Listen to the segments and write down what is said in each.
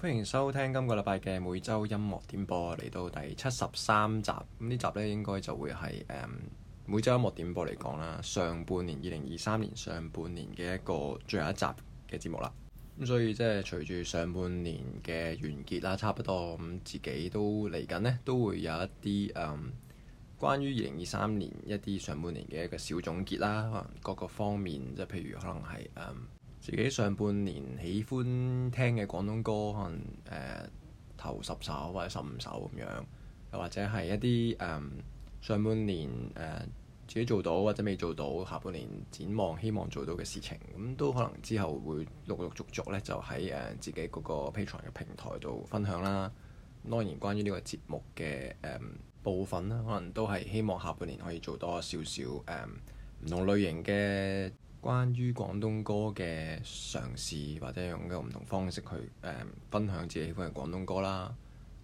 歡迎收聽今個禮拜嘅每周音樂點播，嚟到第七十三集。咁呢集咧應該就會係誒、嗯、每周音樂點播嚟講啦，上半年二零二三年上半年嘅一個最後一集嘅節目啦。咁、嗯、所以即係隨住上半年嘅完結啦，差不多咁、嗯、自己都嚟緊咧，都會有一啲誒、嗯、關於二零二三年一啲上半年嘅一個小總結啦。可能各個方面，即係譬如可能係誒、嗯自己上半年喜歡聽嘅廣東歌，可能誒、呃、頭十首或者十五首咁樣，又或者係一啲誒、嗯、上半年誒、呃、自己做到或者未做到，下半年展望希望做到嘅事情，咁都可能之後會陸陸陸續續咧就喺誒、呃、自己嗰個 Patreon 嘅平台度分享啦。當然關於呢個節目嘅誒、嗯、部分啦，可能都係希望下半年可以做多少少誒唔同類型嘅關於廣東歌嘅嘗試，或者用一個唔同方式去誒、嗯、分享自己喜歡嘅廣東歌啦，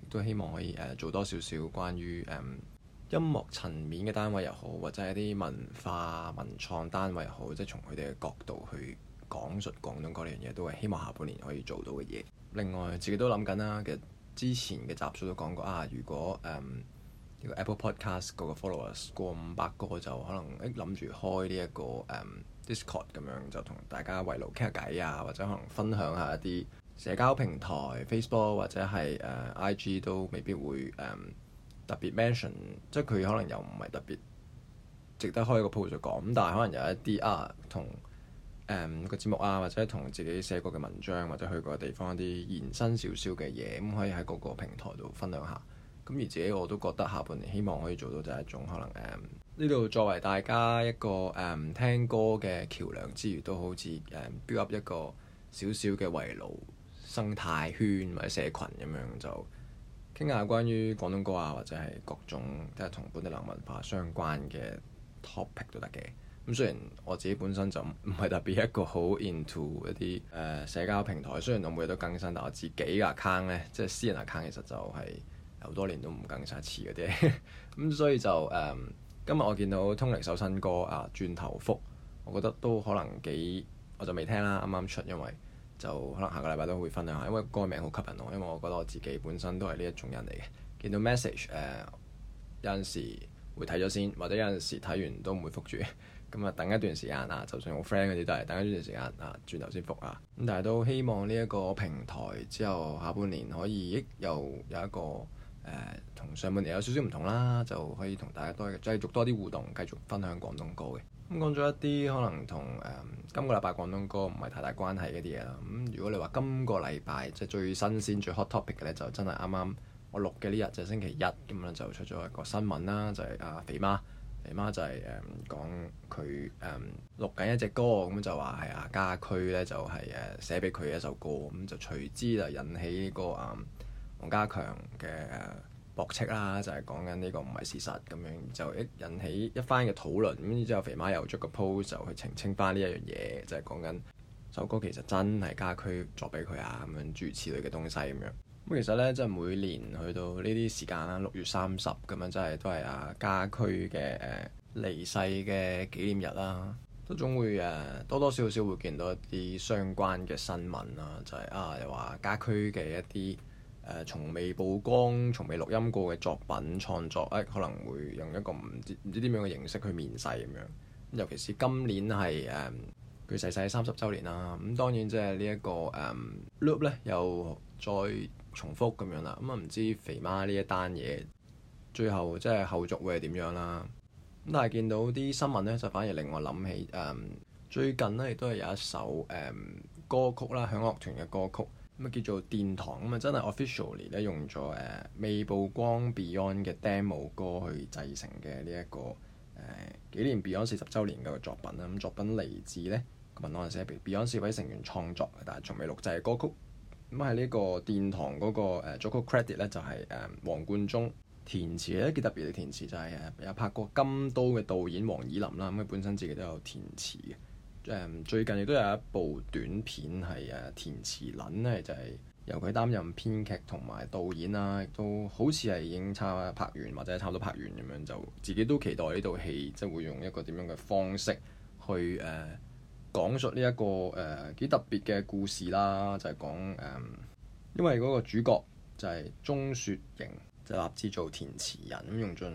都希望可以誒、呃、做多少少關於誒、嗯、音樂層面嘅單位又好，或者係啲文化文創單位又好，即係從佢哋嘅角度去講述廣東歌呢樣嘢，都係希望下半年可以做到嘅嘢。另外，自己都諗緊啦，其實之前嘅集數都講過啊，如果誒呢、嗯、個 Apple Podcast 個 followers 過五百個，就可能誒諗住開呢、這、一個誒。嗯 Discord 咁樣就同大家圍爐傾下偈啊，或者可能分享下一啲社交平台 Facebook 或者係誒、uh, IG 都未必會誒、um, 特別 mention，即係佢可能又唔係特別值得開個 post 講。咁但係可能有一啲啊同誒、um, 個節目啊，或者同自己寫過嘅文章或者去過嘅地方一啲延伸少少嘅嘢，咁可以喺個個平台度分享下。咁而自己我都覺得下半年希望可以做到就係一種可能誒。Um, 呢度作為大家一個誒唔、um, 聽歌嘅橋梁之餘，都好似誒、um, build up 一個少少嘅圍爐生態圈或者社群咁樣，就傾下關於廣東歌啊，或者係各種即係同本地流行文化相關嘅 topic 都得嘅。咁、嗯、雖然我自己本身就唔係特別一個好 into 一啲誒、呃、社交平台，雖然我每日都更新，但我自己嘅 account 咧，即係私人 account 其實就係好多年都唔更新一次嗰啲，咁、 嗯、所以就誒。Um, 今日我見到通靈首新歌啊，轉頭覆，我覺得都可能幾，我就未聽啦，啱啱出，因為就可能下個禮拜都會分享下，因為歌名好吸引我，因為我覺得我自己本身都係呢一種人嚟嘅。見到 message 誒、呃，有陣時會睇咗先，或者有陣時睇完都唔會覆住，咁 啊、嗯、等一段時間啊，就算好 friend 嗰啲都係等一段時間啊轉頭先覆啊。咁、嗯、但係都希望呢一個平台之後下半年可以又有一個。誒同、呃、上半年有少少唔同啦，就可以同大家多繼續多啲互動，繼續分享廣東歌嘅。咁講咗一啲可能同誒、呃、今個禮拜廣東歌唔係太大關係嗰啲嘢啦。咁、嗯、如果你話今個禮拜即係最新鮮最 hot topic 嘅咧，就真係啱啱我錄嘅呢日就係、是、星期一咁啦、嗯，就出咗一個新聞啦，就係、是、阿、啊、肥媽，肥媽就係、是、誒、呃、講佢誒、呃、錄緊一隻歌，咁就話係阿家駒咧就係誒寫俾佢嘅一首歌，咁、嗯就、啊就是啊嗯、就隨之就引起呢個誒。嗯黃家強嘅駁斥啦，就係講緊呢個唔係事實咁樣，就一引起一番嘅討論。咁之後，肥媽又出個 post 就去澄清翻呢一樣嘢，就係講緊首歌其實真係家駒作俾佢啊，咁樣諸如此類嘅東西咁樣。咁其實呢，即係每年去到呢啲時間啦，六月三十咁樣，即係都係阿家駒嘅離世嘅紀念日啦，都總會誒多多少少會見到一啲相關嘅新聞啦，就係、是、啊又話家駒嘅一啲。誒從未曝光、從未錄音過嘅作品創作，誒可能會用一個唔知唔知點樣嘅形式去面世咁樣。尤其是今年係誒佢逝世三十週年啦。咁、嗯、當然即係、這個嗯、呢一個誒 loop 咧又再重複咁樣啦。咁啊唔知肥媽呢一單嘢最後即係後續會係點樣啦。但係見到啲新聞咧，就反而令我諗起誒、嗯、最近咧亦都係有一首誒、嗯、歌曲啦，享樂團嘅歌曲。咁啊叫做殿堂，咁啊真係 officially 咧用咗誒、呃、未曝光 Beyond 嘅 demo 歌去製成嘅呢、這個呃、一個誒紀念 Beyond 四十週年嘅作品啦。咁作品嚟自咧咁啊嗰陣時，Beyond 四位成員創作，但係從未錄製嘅歌曲。咁喺、那個呃、呢個殿堂嗰個作曲 credit 咧就係誒黃貫中填詞咧幾特別嘅填詞，填詞就係誒有拍過金都嘅導演黃綺琳啦。咁佢本身自己都有填詞嘅。誒最近亦都有一部短片係誒填詞 L，就係、是、由佢擔任編劇同埋導演啦，都好似係已經差唔多拍完或者差唔多拍完咁樣，就自己都期待呢套戲即係、就是、會用一個點樣嘅方式去誒、呃、講述呢、這、一個誒幾、呃、特別嘅故事啦，就係、是、講誒、呃、因為嗰個主角就係鍾雪瑩，就立、是、志做填詞人，咁用盡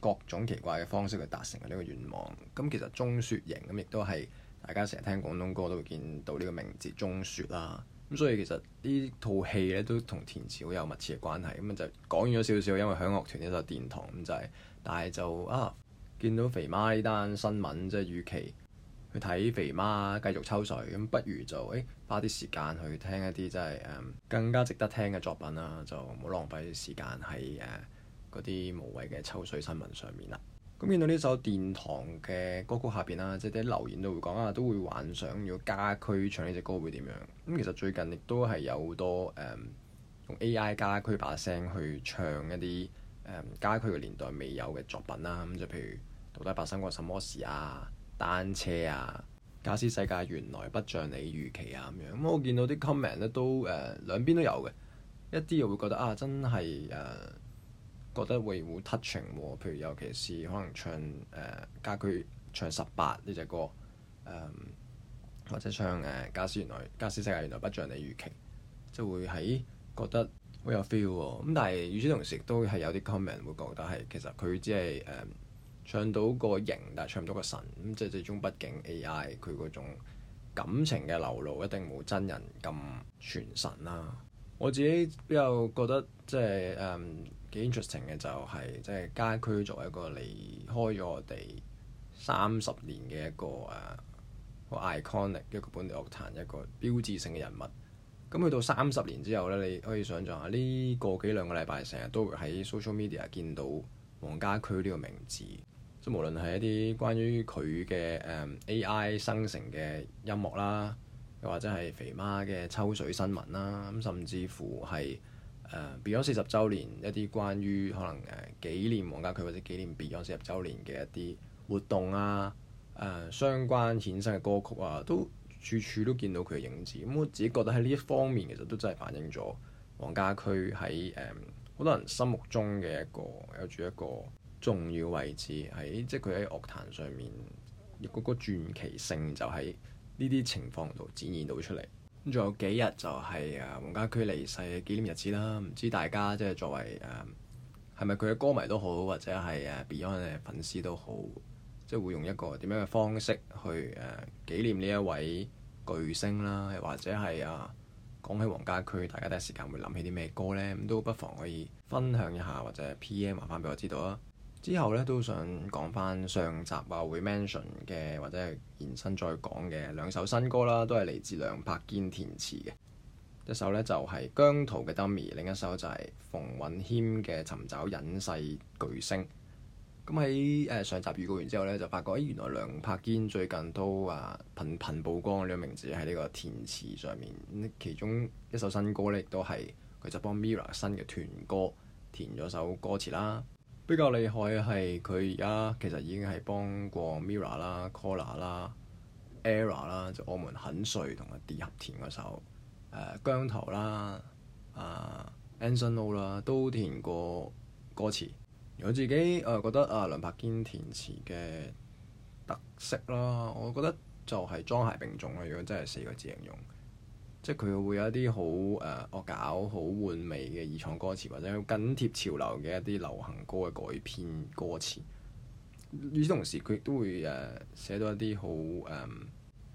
各種奇怪嘅方式去達成呢個願望。咁其實鍾雪瑩咁亦都係。大家成日聽廣東歌都會見到呢個名字中雪啦，咁所以其實呢套戲咧都同填詞好有密切嘅關係，咁就講完咗少少，因為享樂團呢就殿堂咁就係，但係就啊見到肥媽呢單新聞，即係與其去睇肥媽繼續抽水，咁不如就誒、欸、花啲時間去聽一啲真係更加值得聽嘅作品啦，就唔好浪費時間喺誒嗰啲無謂嘅抽水新聞上面啦。咁見到呢首殿堂嘅歌曲下邊啦，即係啲留言都會講啊，都會幻想如果家駒唱呢隻歌會點樣。咁其實最近亦都係有好多誒、嗯、用 AI 家駒把聲去唱一啲誒、嗯、家駒嘅年代未有嘅作品啦。咁就譬如到底發生過什麼事啊？單車啊？假使世界原來不像你預期啊咁樣。咁、嗯、我見到啲 comment 咧都誒、啊、兩邊都有嘅，一啲又會覺得啊，真係誒～、啊覺得會會 touching 喎，譬如尤其是可能唱誒家駒唱十八呢隻歌、呃，或者唱誒假使原來假使世界原來不像你預期，就會喺覺得好有 feel 喎。咁但係與此同時，都係有啲 comment 會覺得係其實佢只係誒、呃、唱到個型，但係唱唔到個神咁，即係最終畢竟 A.I. 佢嗰種感情嘅流露一定冇真人咁全神啦、啊。我自己比較覺得即係誒。嗯幾 interesting 嘅就係即係家駒作為一個離開咗我哋三十年嘅一個啊，個 iconic 一個本地樂壇一個標誌性嘅人物。咁去到三十年之後咧，你可以想像下呢個幾兩個禮拜成日都會喺 social media 見到黃家駒呢個名字。即係無論係一啲關於佢嘅誒 AI 生成嘅音樂啦，又或者係肥媽嘅抽水新聞啦，咁甚至乎係，誒 Beyond 四十周年一啲關於可能誒、呃、紀念黃家駒或者紀念 Beyond 四十週年嘅一啲活動啊，誒、呃、相關衍生嘅歌曲啊，都處處都見到佢嘅影子。咁、嗯、我自己覺得喺呢一方面其實都真係反映咗黃家駒喺誒好多人心目中嘅一個有住一個重要位置，喺即係佢喺樂壇上面嗰個傳奇性就喺呢啲情況度展現到出嚟。仲有幾日就係誒黃家駒離世嘅紀念日子啦，唔知大家即係作為誒係咪佢嘅歌迷都好，或者係誒 Beyond 嘅粉絲都好，即係會用一個點樣嘅方式去誒、啊、紀念呢一位巨星啦，或者係啊講起黃家駒，大家第一時間會諗起啲咩歌呢？咁都不妨可以分享一下，或者 PM 返俾我知道啊！之後咧都想講翻上集話會 mention 嘅或者延伸再講嘅兩首新歌啦，都係嚟自梁栢堅填詞嘅。一首呢，就係、是、姜濤嘅《Dummy》，另一首就係馮允謙嘅《尋找隱世巨聲》。咁喺誒上集預告完之後呢，就發覺咦、哎、原來梁栢堅最近都啊頻頻曝光呢個名字喺呢個填詞上面。其中一首新歌呢，亦都係佢就幫 MIRROR 新嘅團歌填咗首歌詞啦。比較厲害嘅係佢而家其實已經係幫過 Mirror 啦、Collar 啦、Error 啦，就我哋很帥同埋蝶合填嗰首、呃、姜頭》啦、啊、呃《Anson Lo》啦都填過歌詞。我自己誒、呃、覺得啊、呃，梁栢堅填，填詞嘅特色啦，我覺得就係莊諧並重啦。如果真係四個字形容。即係佢會有一啲好誒惡搞、好玩味嘅二創歌詞，或者係緊貼潮流嘅一啲流行歌嘅改編歌詞。與此同時，佢亦都會誒寫到一啲好誒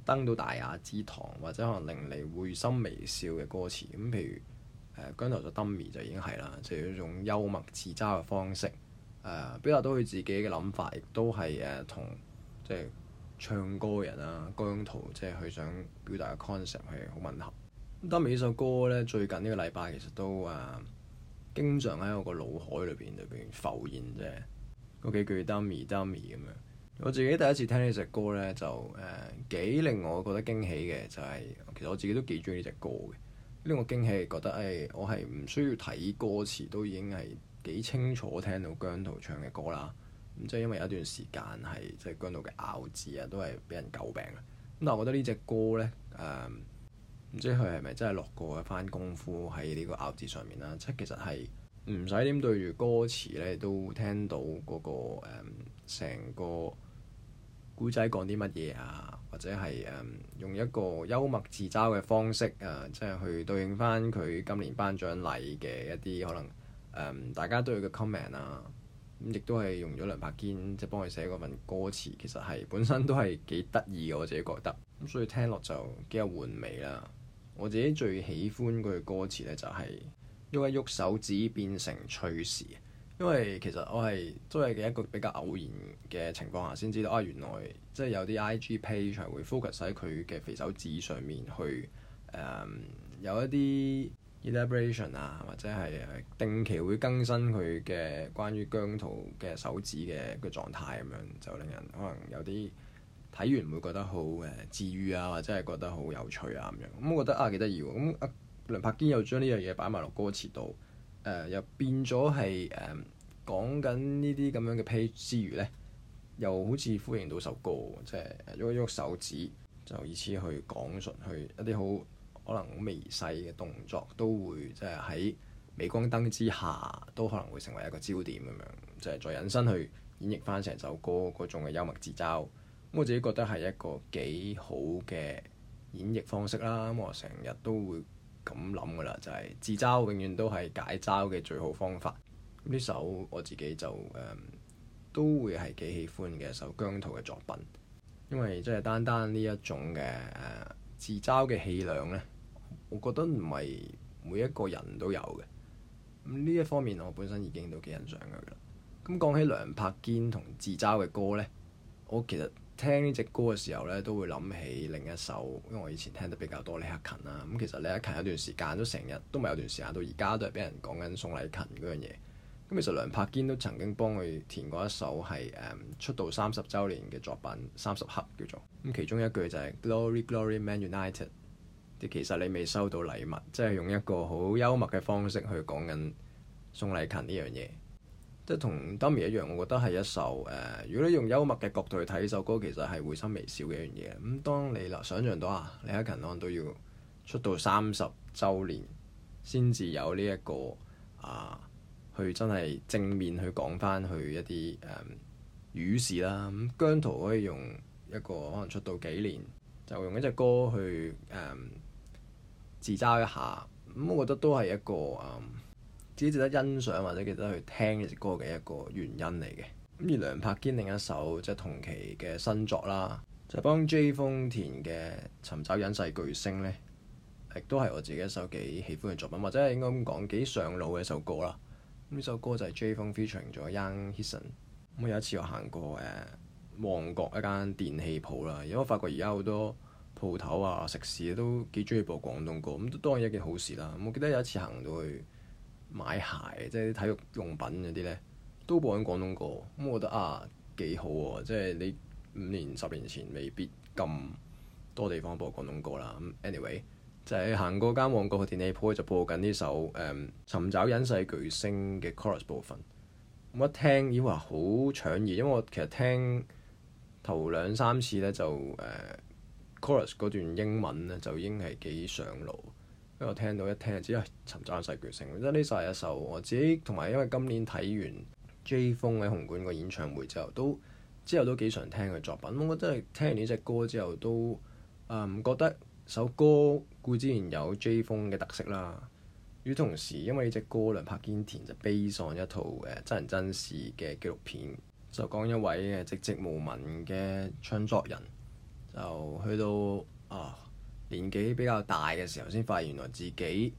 登到大雅之堂，或者可能令你會心微笑嘅歌詞。咁、嗯、譬如誒姜濤嘅 Dummy 就已經係啦，就係、是、一種幽默自嘲嘅方式誒、呃，表達到佢自己嘅諗法，亦都係誒同即係唱歌嘅人啊、姜濤即係佢想表達嘅 concept 係好吻合。Dummy 呢首歌呢，最近呢個禮拜其實都誒、啊、經常喺我個腦海裏邊裏邊浮現啫，嗰幾句 Dummy Dummy 咁樣。我自己第一次聽呢隻歌呢，就誒、啊、幾令我覺得驚喜嘅，就係、是、其實我自己都幾中意呢隻歌嘅。呢個驚喜係覺得誒、哎，我係唔需要睇歌詞都已經係幾清楚聽到姜濤唱嘅歌啦。咁、嗯、即係因為有一段時間係即係姜濤嘅咬字啊，都係俾人詬病啦。咁但係我覺得呢隻歌呢，誒、啊。唔知佢係咪真係落過一番功夫喺呢個咬字上面啦？即係其實係唔使點對住歌詞咧，都聽到嗰、那個成、嗯、個古仔講啲乜嘢啊，或者係誒、嗯、用一個幽默自嘲嘅方式啊，即係去對應翻佢今年頒獎禮嘅一啲可能、嗯、大家都有嘅 comment 啊。亦都係用咗梁栢堅即係、就是、幫佢寫嗰份歌詞，其實係本身都係幾得意嘅。我自己覺得咁，所以聽落就幾有玩味啦。我自己最喜歡佢嘅歌詞呢、就是，就係喐一喐手指變成趣事。因為其實我係都係嘅一個比較偶然嘅情況下，先知道啊，原來即係、就是、有啲 IG page 係會 focus 喺佢嘅肥手指上面去、嗯、有一啲 elaboration 啊，或者係定期會更新佢嘅關於姜濤嘅手指嘅個狀態咁樣，就令人可能有啲。睇完會覺得好誒，治癒啊，或者係覺得好有趣啊咁樣。咁我覺得啊幾得意喎。咁阿梁栢堅又將呢樣嘢擺埋落歌詞度，誒、呃、又變咗係誒講緊呢啲咁樣嘅 page 之餘咧，又好似呼應到首歌，即係喐喐手指就以此去講述，去一啲好可能微細嘅動作，都會即係喺鎂光燈之下都可能會成為一個焦點咁樣，即係再引申去演繹翻成首歌嗰種嘅幽默自嘲。我自己覺得係一個幾好嘅演繹方式啦。咁我成日都會咁諗噶啦，就係、是、自嘲永遠都係解嘲嘅最好方法。呢首我自己就、嗯、都會係幾喜歡嘅一首姜濤嘅作品，因為即係單單呢一種嘅自嘲嘅氣量呢，我覺得唔係每一個人都有嘅。呢一方面，我本身已經都幾欣賞佢啦。咁講起梁栢堅同自嘲嘅歌呢，我其實～聽呢隻歌嘅時候咧，都會諗起另一首，因為我以前聽得比較多李克勤啦、啊。咁其實李克勤有段時間都成日都唔係有段時間到而家都係俾人講緊宋禮勤嗰樣嘢。咁其實梁柏堅都曾經幫佢填過一首係誒、嗯、出道三十週年嘅作品《三十克》叫做。咁其中一句就係、是、Glory Glory Man United，其實你未收到禮物，即係用一個好幽默嘅方式去講緊宋禮勤呢樣嘢。即係同《Dummy》一樣，我覺得係一首誒、呃，如果你用幽默嘅角度去睇呢首歌，其實係會心微笑嘅一樣嘢。咁、嗯、當你嗱想像到啊，李克勤可能都要出道三十周年先至有呢、這、一個啊，去真係正面去講翻去一啲誒語事啦。咁姜濤可以用一個可能出道幾年，就用一隻歌去誒、嗯、自嘲一下。咁、嗯、我覺得都係一個誒。嗯自己值得欣賞或者記得去聽呢隻歌嘅一個原因嚟嘅。咁而梁栢堅另一首即係同期嘅新作啦，就係、幫 Jay Fung 嘅《尋找隱世巨聲》咧，亦都係我自己一首幾喜歡嘅作品，或者係應該咁講幾上腦嘅一首歌啦。呢首歌就係 Jay Fung featuring 咗 Young Histon。咁有一次我行過誒、啊、旺角一間電器鋪啦，因為我發覺而家好多鋪頭啊、食肆都幾中意播廣東歌，咁都當然一件好事啦。我記得有一次行到去，買鞋即係啲體育用品嗰啲咧，都播緊廣東歌，咁、嗯、我覺得啊幾好喎、啊！即係你五年十年前未必咁多地方播廣東歌啦。咁、嗯、anyway 就係行過間旺角嘅電器鋪就播緊呢首誒、嗯《尋找隱世巨聲》嘅 chorus 部分。咁、嗯、我一聽以為好搶耳，因為我其實聽頭兩三次咧就誒、呃、chorus 嗰段英文咧就已經係幾上腦。因為我聽到一聽就知，知係尋找隱世巨聲。即呢首係一首我自己，同埋因為今年睇完 Jay Fung 喺紅館個演唱會之後，都之後都幾常聽佢作品。咁我覺得係聽完呢隻歌之後，都唔、嗯、覺得首歌故之然有 Jay Fung 嘅特色啦。與同時，因為呢隻歌，梁栢堅填就悲喪一套誒真人真事嘅紀錄片，就講一位嘅寂寂無名嘅唱作人，就去到啊。年紀比較大嘅時候，先發現原來自己誒、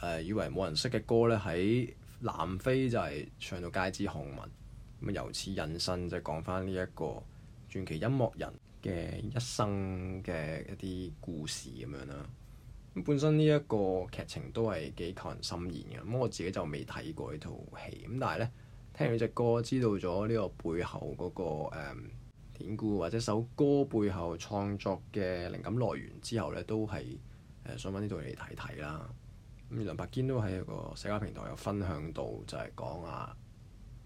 呃、以為冇人識嘅歌咧，喺南非就係唱到街知巷聞。咁由此引申，就係、講翻呢一個傳奇音樂人嘅一生嘅一啲故事咁樣啦。咁本身呢一個劇情都係幾扣人心絃嘅。咁我自己就未睇過呢套戲，咁但係咧聽佢隻歌，知道咗呢個背後嗰、嗰個、嗯典故或者首歌背後創作嘅靈感來源之後咧，都係誒想揾呢度嚟睇睇啦。咁梁栢堅都喺個社交平台有分享到，就係講啊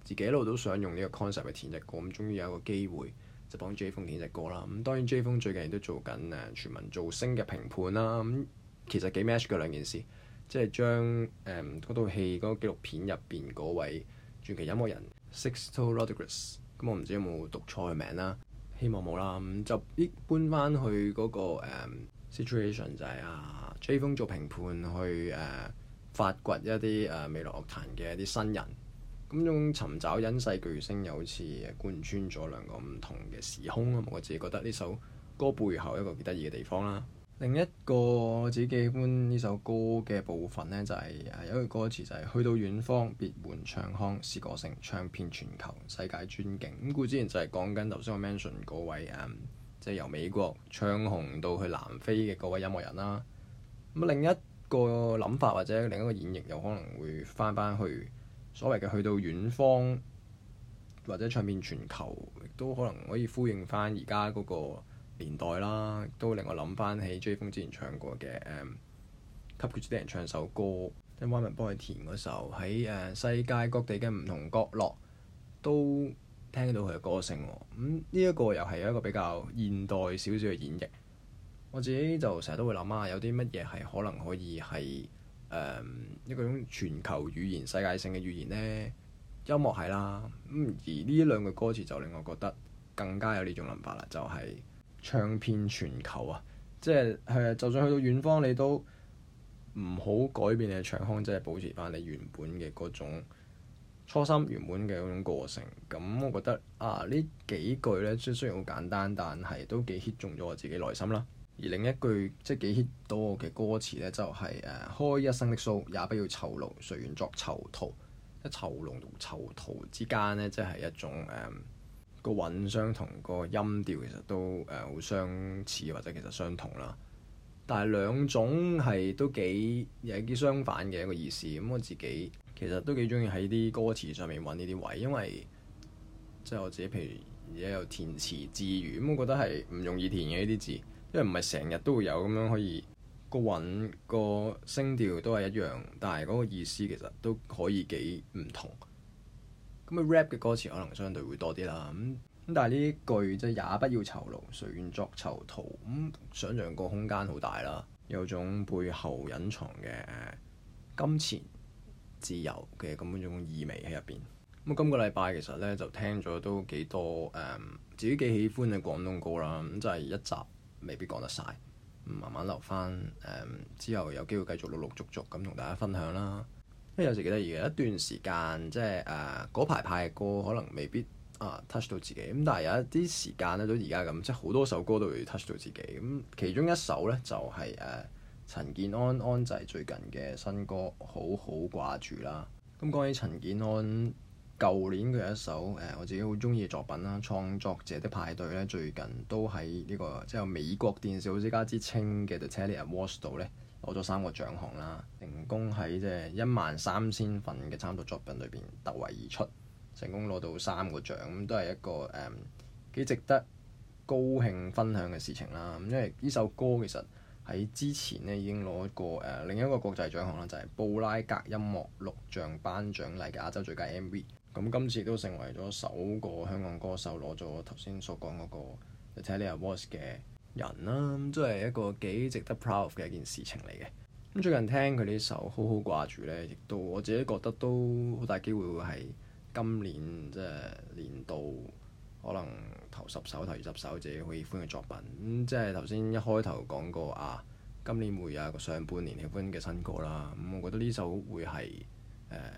自己一路都想用呢個 concept 去填隻歌，咁終於有一個機會就幫 Jay Fung 填隻歌啦。咁當然 Jay Fung 最近亦都做緊誒全民造星嘅評判啦。咁其實幾 match 嘅兩件事，即係將誒嗰套戲、嗰個紀錄片入邊嗰位傳奇音樂人 Sixto Rodriguez。Sixt 咁我唔知有冇讀錯名啦，希望冇啦。咁就一搬翻去嗰、那個誒、um, situation 就係啊 J 風做評判去誒、uh, 發掘一啲誒、uh, 未來樂壇嘅一啲新人。咁用尋找隱世巨星又好似貫穿咗兩個唔同嘅時空啊！我自己覺得呢首歌背後一個幾得意嘅地方啦～另一個我自己喜歡呢首歌嘅部分呢，就係、是、有一句歌詞就係、是、去到遠方，別換唱腔，是歌聲，唱遍全球，世界尊敬。咁固之然就係講緊頭先我 mention 嗰位誒，即、嗯、係、就是、由美國唱紅到去南非嘅嗰位音樂人啦、啊。咁另一個諗法或者另一個演繹，有可能會翻翻去所謂嘅去到遠方，或者唱遍全球，亦都可能可以呼應翻而家嗰個。年代啦，都令我諗翻起追 a 之前唱過嘅誒，給佢啲人唱首歌，In My m i n 幫佢填嗰候，喺誒、uh, 世界各地嘅唔同角落都聽到佢嘅歌聲。咁呢一個又係一個比較現代少少嘅演繹。我自己就成日都會諗啊，有啲乜嘢係可能可以係誒、um, 一個種全球語言、世界性嘅語言呢？音樂係啦，咁、嗯、而呢兩句歌詞就令我覺得更加有呢種諗法啦，就係、是。唱片全球啊！即係係、啊、就算去到遠方，你都唔好改變你嘅唱腔，即係保持翻你原本嘅嗰種初心、原本嘅嗰種過程。咁、嗯、我覺得啊，呢幾句咧雖雖然好簡單，但係都幾 hit 中咗我自己內心啦。而另一句即係幾 hit 到我嘅歌詞咧，就係、是、誒、啊、開一生的數，也不要囚牢，誰願作囚徒。即囚牢同囚徒之間咧，即係一種誒、啊個韻相同，個音調其實都誒好相似或者其實相同啦。但係兩種係都幾有幾相反嘅一個意思。咁、嗯、我自己其實都幾中意喺啲歌詞上面揾呢啲位，因為即係、就是、我自己譬如而家有填詞之餘，咁、嗯、我覺得係唔容易填嘅呢啲字，因為唔係成日都會有咁樣可以個韻個聲調都係一樣，但係嗰個意思其實都可以幾唔同。咁 rap 嘅歌詞可能相對會多啲啦，咁咁但係呢句即係也不要囚牢，誰願作囚徒，咁想像個空間好大啦，有種背後隱藏嘅金錢自由嘅咁樣一種意味喺入邊。咁啊，今個禮拜其實咧就聽咗都幾多誒，自己幾喜歡嘅廣東歌啦，咁就係一集未必講得晒，慢慢留翻誒之後有機會繼續陸陸續續咁同大家分享啦。因為、欸、有時幾得意而家一段時間即係誒嗰排派嘅歌，可能未必啊 touch 到自己。咁但係有一啲時間咧，都而家咁，即係好多首歌都會 touch 到自己。咁、嗯、其中一首咧就係、是、誒、呃、陳健安安就係最近嘅新歌《好好掛住》啦。咁關於陳健安舊年佢有一首誒、呃、我自己好中意嘅作品啦，《創作者的派對》咧，最近都喺呢、這個即係美國電視奧斯卡之稱嘅 The Telly Awards 度咧。A 攞咗三個獎項啦，成功喺即係一萬三千份嘅參賽作品裏邊突圍而出，成功攞到三個獎，咁都係一個誒幾、嗯、值得高興分享嘅事情啦。咁因為呢首歌其實喺之前咧已經攞過誒、呃、另一個國際獎項啦，就係、是、布拉格音樂錄像頒獎禮嘅亞洲最佳 MV。咁今次都成為咗首個香港歌手攞咗頭先所講嗰、那個 Italian Voice 嘅。人啦、啊，都係一個幾值得 proud of 嘅一件事情嚟嘅。咁最近聽佢呢首《好好掛住》呢，亦都我自己覺得都好大機會會係今年即係年度可能頭十首、頭二十首自己好喜歡嘅作品。咁即係頭先一開頭講過啊，今年會有一個上半年喜歡嘅新歌啦。咁、啊、我覺得呢首會係誒、呃、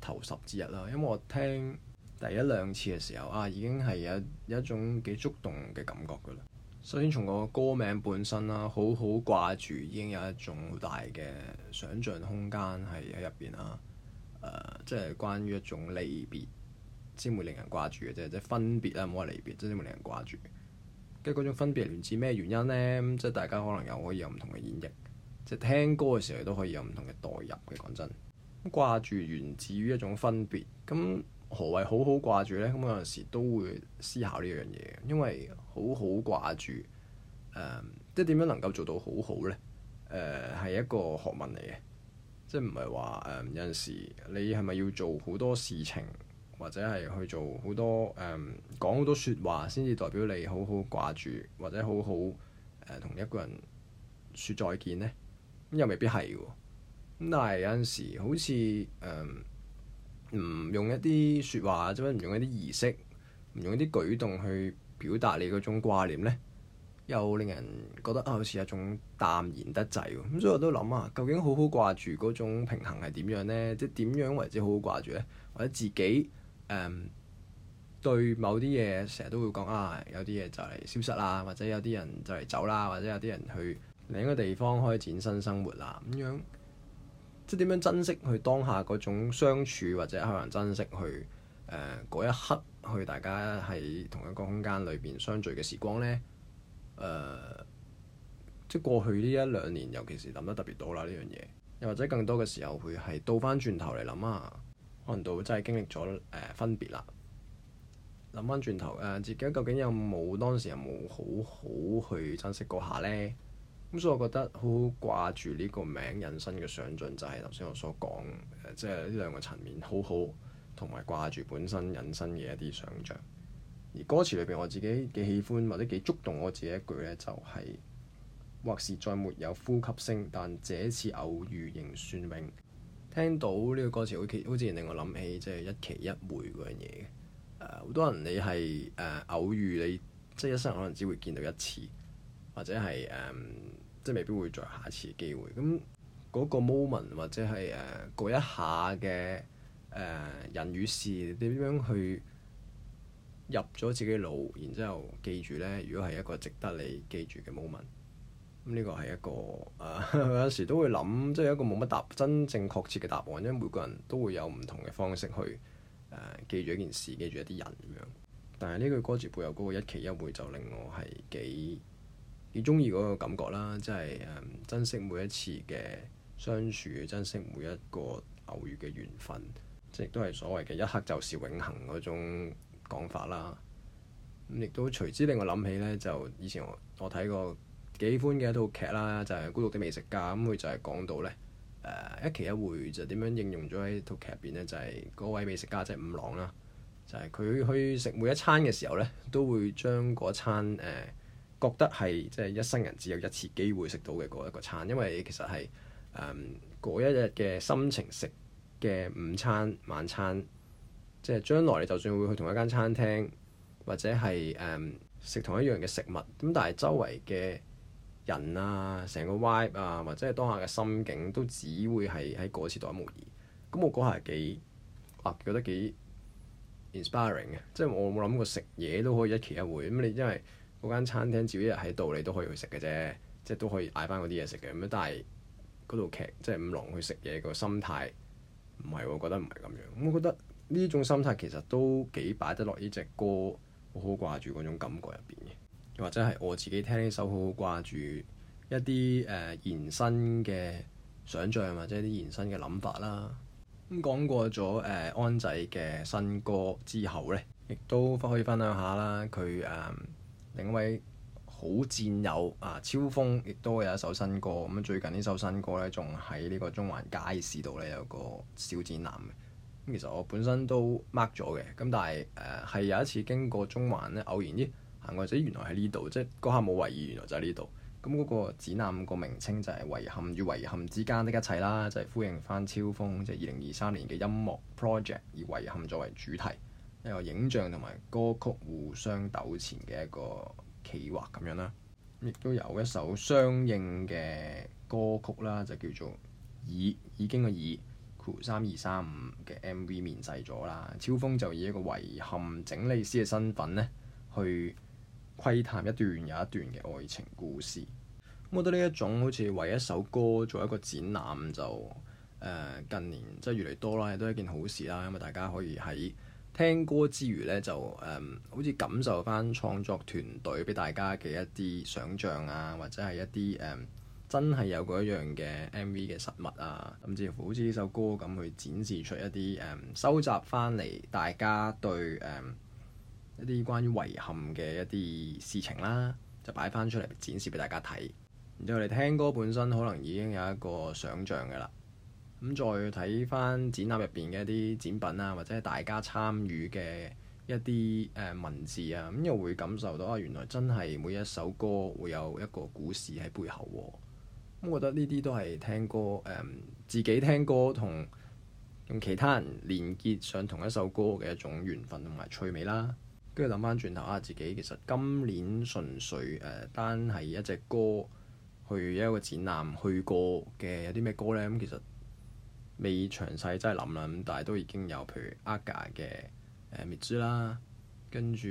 頭十之一啦，因為我聽第一兩次嘅時候啊，已經係有有一種幾觸動嘅感覺㗎啦。首先從個歌名本身啦，好好掛住已經有一種好大嘅想像空間係喺入邊啦。誒，即係關於一種離別先會令人掛住嘅啫，即係分別啦，唔好話離別，先至會令人掛住。跟住嗰種分別源自咩原因呢？即係大家可能又可以有唔同嘅演繹，即係聽歌嘅時候都可以有唔同嘅代入嘅。講真，掛住源自於一種分別咁。何謂好好掛住呢？咁有陣時都會思考呢樣嘢，因為好好掛住、嗯，即係點樣能夠做到好好呢？誒、嗯、係一個學問嚟嘅，即係唔係話有陣時你係咪要做好多事情，或者係去做好多誒、嗯、講好多説話先至代表你好好掛住，或者好好同、嗯、一個人説再見呢？又未必係喎。但係有陣時好似唔用一啲説話，或者唔用一啲儀式，唔用一啲舉動去表達你嗰種掛念呢，又令人覺得啊，好似一種淡然得滯。咁所以我都諗下，究竟好好掛住嗰種平衡係點樣呢？即係點樣為之好好掛住呢？或者自己誒、嗯、對某啲嘢成日都會講啊，有啲嘢就嚟消失啦，或者有啲人就嚟走啦，或者有啲人去另一個地方開展新生活啦，咁樣。即係點樣珍惜去當下嗰種相處，或者可能珍惜去誒嗰一刻，去大家喺同一個空間裏邊相聚嘅時光呢？誒、呃，即係過去呢一兩年，尤其是諗得特別多啦呢樣嘢。又或者更多嘅時候，會係倒翻轉頭嚟諗啊，可能到真係經歷咗誒、呃、分別啦。諗翻轉頭誒、呃，自己究竟有冇當時有冇好好去珍惜嗰下呢？咁所以我覺得好好掛住呢個名引申嘅想像，就係頭先我所講，即係呢兩個層面好好，同埋掛住本身引申嘅一啲想象而歌詞裏邊我自己幾喜歡或者幾觸動我自己一句咧、就是，就係或是再沒有呼吸聲，但這次偶遇仍算命。聽到呢個歌詞好奇好似令我諗起即係、就是、一期一會嗰樣嘢好、呃、多人你係誒、呃、偶遇你，即、就、係、是、一生可能只會見到一次，或者係。誒、呃。即未必會再下次機會，咁嗰個 moment 或者係誒、呃、一下嘅誒、呃、人與事點樣去入咗自己腦，然之後記住咧，如果係一個值得你記住嘅 moment，咁呢個係一個誒、呃、有時都會諗，即係一個冇乜答真正確切嘅答案，因為每個人都會有唔同嘅方式去誒、呃、記住一件事，記住一啲人咁樣。但係呢句歌詞背後嗰個一期一會，就令我係幾～幾中意嗰個感覺啦，即係誒珍惜每一次嘅相處，珍惜每一個偶遇嘅緣分，即係都係所謂嘅一刻就是永恆嗰種講法啦。咁、嗯、亦都隨之令我諗起呢，就以前我我睇過幾歡嘅一套劇啦，就係、是《孤獨的美食家》咁、嗯，佢就係講到呢誒、呃、一期一會就點樣應用咗喺套劇入邊咧，就係、是、嗰位美食家就係五郎啦，就係佢去食每一餐嘅時候呢，都會將嗰餐誒。呃覺得係即係一生人只有一次機會食到嘅嗰一個餐，因為其實係誒嗰一日嘅心情食嘅午餐晚餐，即係將來你就算會去同一間餐廳或者係誒食同一樣嘅食物，咁但係周圍嘅人啊、成個 vibe 啊，或者係當下嘅心境都只會係喺嗰次度獨一無二。咁我嗰下係幾啊，覺得幾 inspiring 嘅、啊，即係我冇諗過食嘢都可以一期一會咁。你真係～嗰間餐廳，只要一日喺度，你都可以去食嘅啫，即係都可以嗌翻嗰啲嘢食嘅。咁但係嗰套劇，即係五郎去食嘢個心態唔係，我覺得唔係咁樣。咁我覺得呢種心態其實都幾擺得落呢隻歌好好掛住嗰種感覺入邊嘅，或者係我自己聽呢首好好掛住一啲誒、呃、延伸嘅想像或者啲延伸嘅諗法啦。咁講過咗誒、呃、安仔嘅新歌之後呢，亦都可以分享下啦，佢誒。呃另一位好戰友啊，釗峰亦都有一首新歌。咁、嗯、最近呢首新歌咧，仲喺呢個中環街市度咧有個小展覽咁、嗯、其實我本身都 mark 咗嘅。咁但係誒係有一次經過中環咧，偶然啲行過就原來喺呢度。即係嗰下冇留意，原來就係呢度。咁、那、嗰個展覽個名稱就係、是《遺憾與遺憾之間的一切》啦，就係、是、呼應翻釗峰即係二零二三年嘅音樂 project，以遺憾作為主題。有個影像同埋歌曲互相糾纏嘅一個企劃咁樣啦、啊，亦都有一首相應嘅歌曲啦，就叫做已已經嘅已三二三五嘅 M V 面世咗啦。釗峰就以一個遺憾整理師嘅身份呢，去窺探一段又一段嘅愛情故事。嗯、我覺得呢一種好似為一首歌做一個展覽，就誒、呃、近年即係越嚟多啦，亦都係一件好事啦，因為大家可以喺。聽歌之餘咧，就誒、嗯、好似感受翻創作團隊俾大家嘅一啲想像啊，或者係一啲誒、嗯、真係有嗰一樣嘅 MV 嘅實物啊，甚至乎好似呢首歌咁去展示出一啲誒、嗯、收集翻嚟大家對誒、嗯、一啲關於遺憾嘅一啲事情啦，就擺翻出嚟展示俾大家睇。然之後你聽歌本身可能已經有一個想像㗎喇。咁再睇翻展覽入邊嘅一啲展品啊，或者大家參與嘅一啲誒文字啊，咁又會感受到啊，原來真係每一首歌會有一個故事喺背後。咁我覺得呢啲都係聽歌誒、呃，自己聽歌同其他人連結上同一首歌嘅一種緣分同埋趣味啦。跟住諗翻轉頭啊，自己其實今年純粹誒單係一隻歌去一個展覽去過嘅有啲咩歌呢？咁其實，未詳細真係諗啦，但係都已經有，譬如 Aga 嘅誒滅珠啦，跟住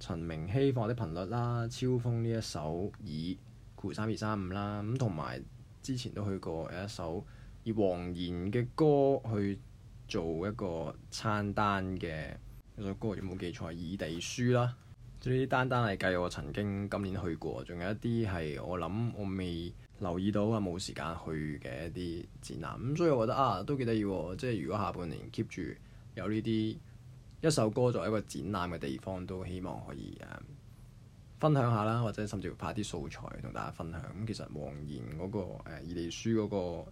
陳明熙放啲的頻率啦，超風呢一首耳 c 三二三五啦，咁同埋之前都去過有一首以黃妍嘅歌去做一個餐單嘅一首歌有有，有冇記錯？異地書啦。呢啲單單係計，我曾經今年去過，仲有一啲係我諗我未留意到，啊冇時間去嘅一啲展覽，咁所以我覺得啊都幾得意喎！即係如果下半年 keep 住有呢啲一首歌作為一個展覽嘅地方，都希望可以誒、嗯、分享下啦，或者甚至拍啲素材同大家分享。咁、嗯、其實黃妍嗰個誒異地書嗰個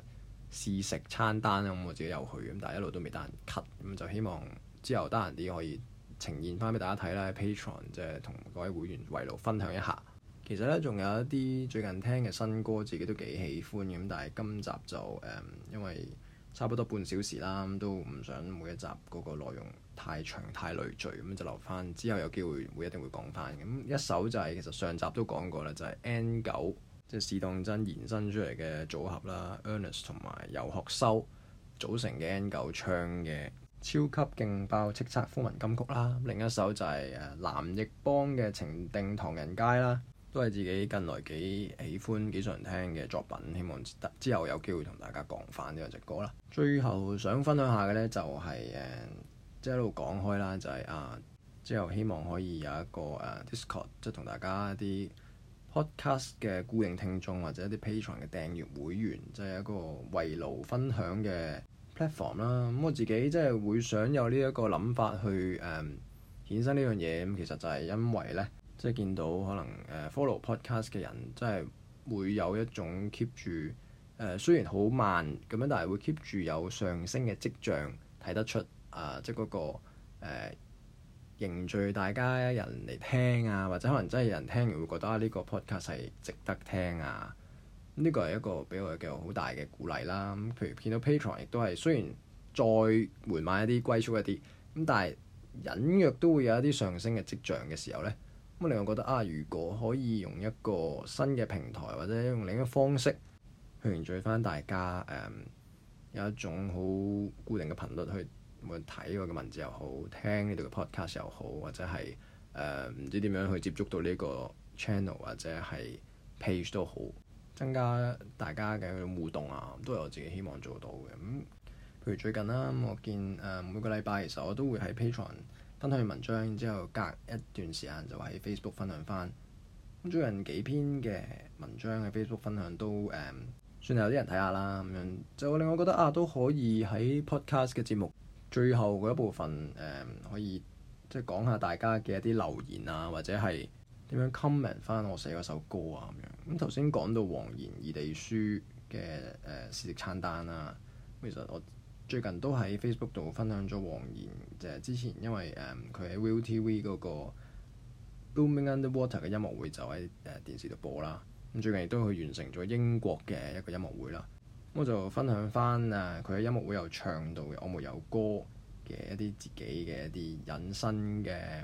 試食餐單咁、嗯、我自己有去，咁但係一路都未得人 cut，咁、嗯、就希望之後得閒啲可以。呈現翻俾大家睇啦，Patreon 即係同各位會員圍爐分享一下。其實呢，仲有一啲最近聽嘅新歌，自己都幾喜歡，咁但係今集就誒、嗯，因為差不多半小時啦，都唔想每一集嗰個內容太長太累贅，咁就留翻之後有機會會一定會講翻。咁一首就係、是、其實上集都講過啦，就係、是、N 九即係試當真延伸出嚟嘅組合啦 ，Ernest a 同埋遊學修組成嘅 N 九唱嘅。超級勁爆，叱咤風雲金曲啦！另一首就係誒藍奕邦嘅《情定唐人街》啦，都係自己近來幾喜歡、幾常聽嘅作品。希望之之後有機會同大家講翻呢個隻歌啦。最後想分享下嘅呢，就係誒即係一路講開啦，就係、是、啊、呃、之後希望可以有一個誒、呃、Discord，即係同大家啲 Podcast 嘅固定聽眾或者一啲 Patreon 嘅訂閱會員，即、就、係、是、一個圍爐分享嘅。platform 啦，咁我自己即係會想有呢一個諗法去誒衍生呢樣嘢，咁、um, 其實就係因為咧，即、就、係、是、見到可能誒、uh, follow podcast 嘅人，即係會有一種 keep 住誒、uh, 雖然好慢咁樣，但係會 keep 住有上升嘅跡象，睇得出啊，即係嗰個、uh, 凝聚大家人嚟聽啊，或者可能真係有人聽完會覺得呢個 podcast 係值得聽啊。呢個係一個俾我嘅好大嘅鼓勵啦。咁譬如見到 Patreon，亦都係雖然再緩慢一啲、龜速一啲，咁但係隱約都會有一啲上升嘅跡象嘅時候呢。咁我另外我覺得啊，如果可以用一個新嘅平台，或者用另一個方式去凝聚翻大家誒、嗯、有一種好固定嘅頻率去睇我嘅文字又好，聽呢度嘅 podcast 又好，或者係誒唔知點樣去接觸到呢個 channel 或者係 page 都好。增加大家嘅互動啊，都係我自己希望做到嘅。咁譬如最近啦，嗯、我見誒、呃、每個禮拜其實我都會喺 Patreon 分享文章，之後隔一段時間就喺 Facebook 分享翻。咁最近幾篇嘅文章喺 Facebook 分享都誒、呃，算有啲人睇下啦。咁樣就令我覺得啊，都可以喺 Podcast 嘅節目最後嗰一部分誒、呃，可以即係、就是、講下大家嘅一啲留言啊，或者係～點樣 comment 翻我寫嗰首歌啊咁樣？咁頭先講到黃妍異地書嘅誒美食餐單啦，其實我最近都喺 Facebook 度分享咗黃妍，就係之前因為誒佢喺 ViuTV 嗰、那個《Blooming Underwater》嘅音樂會就喺誒電視度播啦。咁最近亦都去完成咗英國嘅一個音樂會啦。咁我就分享翻啊，佢喺音樂會又唱到嘅《我沒有歌》嘅一啲自己嘅一啲隱身嘅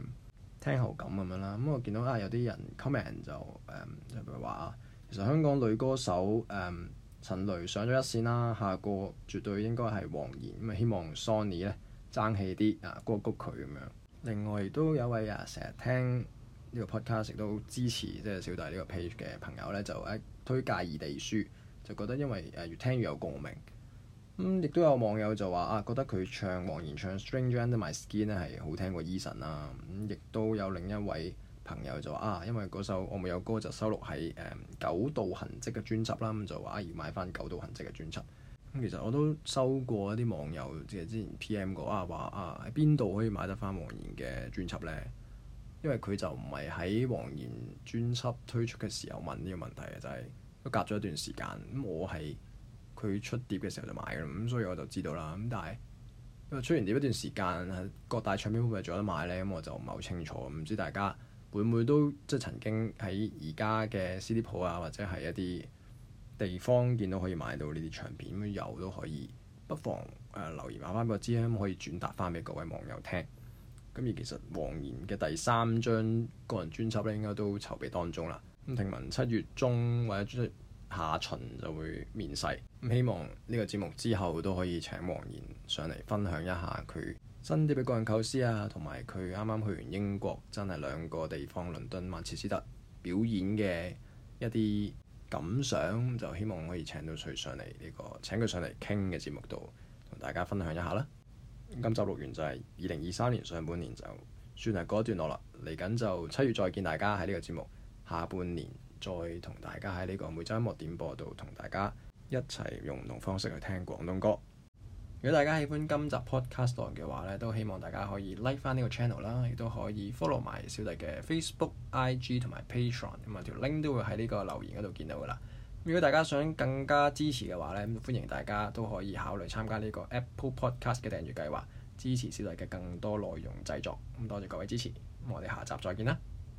聽後感咁樣啦，咁我見到啊有啲人 comment 就誒、嗯，就譬如話啊，其實香港女歌手誒、嗯、陳蕾上咗一線啦，下個絕對應該係黃妍。咁啊，希望 Sony 咧爭氣啲啊，歌曲佢咁樣。另外亦都有位啊，成日聽呢個 podcast 都支持即係、就是、小弟呢個 page 嘅朋友咧，就誒推介異地書，就覺得因為誒、啊、越聽越有共鳴。亦都、嗯、有網友就話啊，覺得佢唱黃妍唱《Stranger Under My Skin》咧係好聽過 Eason 啦、啊。咁亦都有另一位朋友就話啊，因為嗰首我冇有歌就收錄喺誒、嗯《九道痕跡》嘅專輯啦。咁就話啊，要買翻《九道痕跡》嘅專輯。咁、嗯嗯、其實我都收過一啲網友即係之前 PM 過啊話啊，喺邊度可以買得翻黃妍嘅專輯呢？因為佢就唔係喺黃妍專輯推出嘅時候問呢個問題嘅，就係、是、都隔咗一段時間。咁我係。佢出碟嘅時候就買嘅啦，咁所以我就知道啦。咁但係出完碟一段時間，各大唱片鋪咪仲有得買呢？咁、嗯、我就唔係好清楚，唔知大家會唔會都即係曾經喺而家嘅 CD 鋪啊，或者係一啲地方見到可以買到呢啲唱片，咁有都可以，不妨誒、呃、留言話翻俾我知，可以轉達翻俾各位網友聽。咁而其實黃妍嘅第三張個人專輯咧，應該都籌備當中啦。咁聽聞七月中或者七下旬就會面世。咁希望呢個節目之後都可以請黃妍上嚟分享一下佢新碟嘅個人構思啊，同埋佢啱啱去完英國，真係兩個地方，倫敦、曼徹斯特表演嘅一啲感想，就希望可以請到佢上嚟呢、呢個請佢上嚟傾嘅節目度同大家分享一下啦。今周錄完就係二零二三年上半年就算係一段落啦，嚟緊就七月再見大家喺呢個節目下半年。再同大家喺呢個每週音樂點播度同大家一齊用唔同方式去聽廣東歌。如果大家喜歡今集 podcast 嘅話呢，都希望大家可以 like 翻呢個 channel 啦，亦都可以 follow 埋小弟嘅 Facebook、IG 同埋 Patreon，咁啊條 link 都會喺呢個留言嗰度見到噶啦。如果大家想更加支持嘅話咧，歡迎大家都可以考慮參加呢個 Apple Podcast 嘅訂閱計劃，支持小弟嘅更多內容製作。咁多謝各位支持，我哋下集再見啦。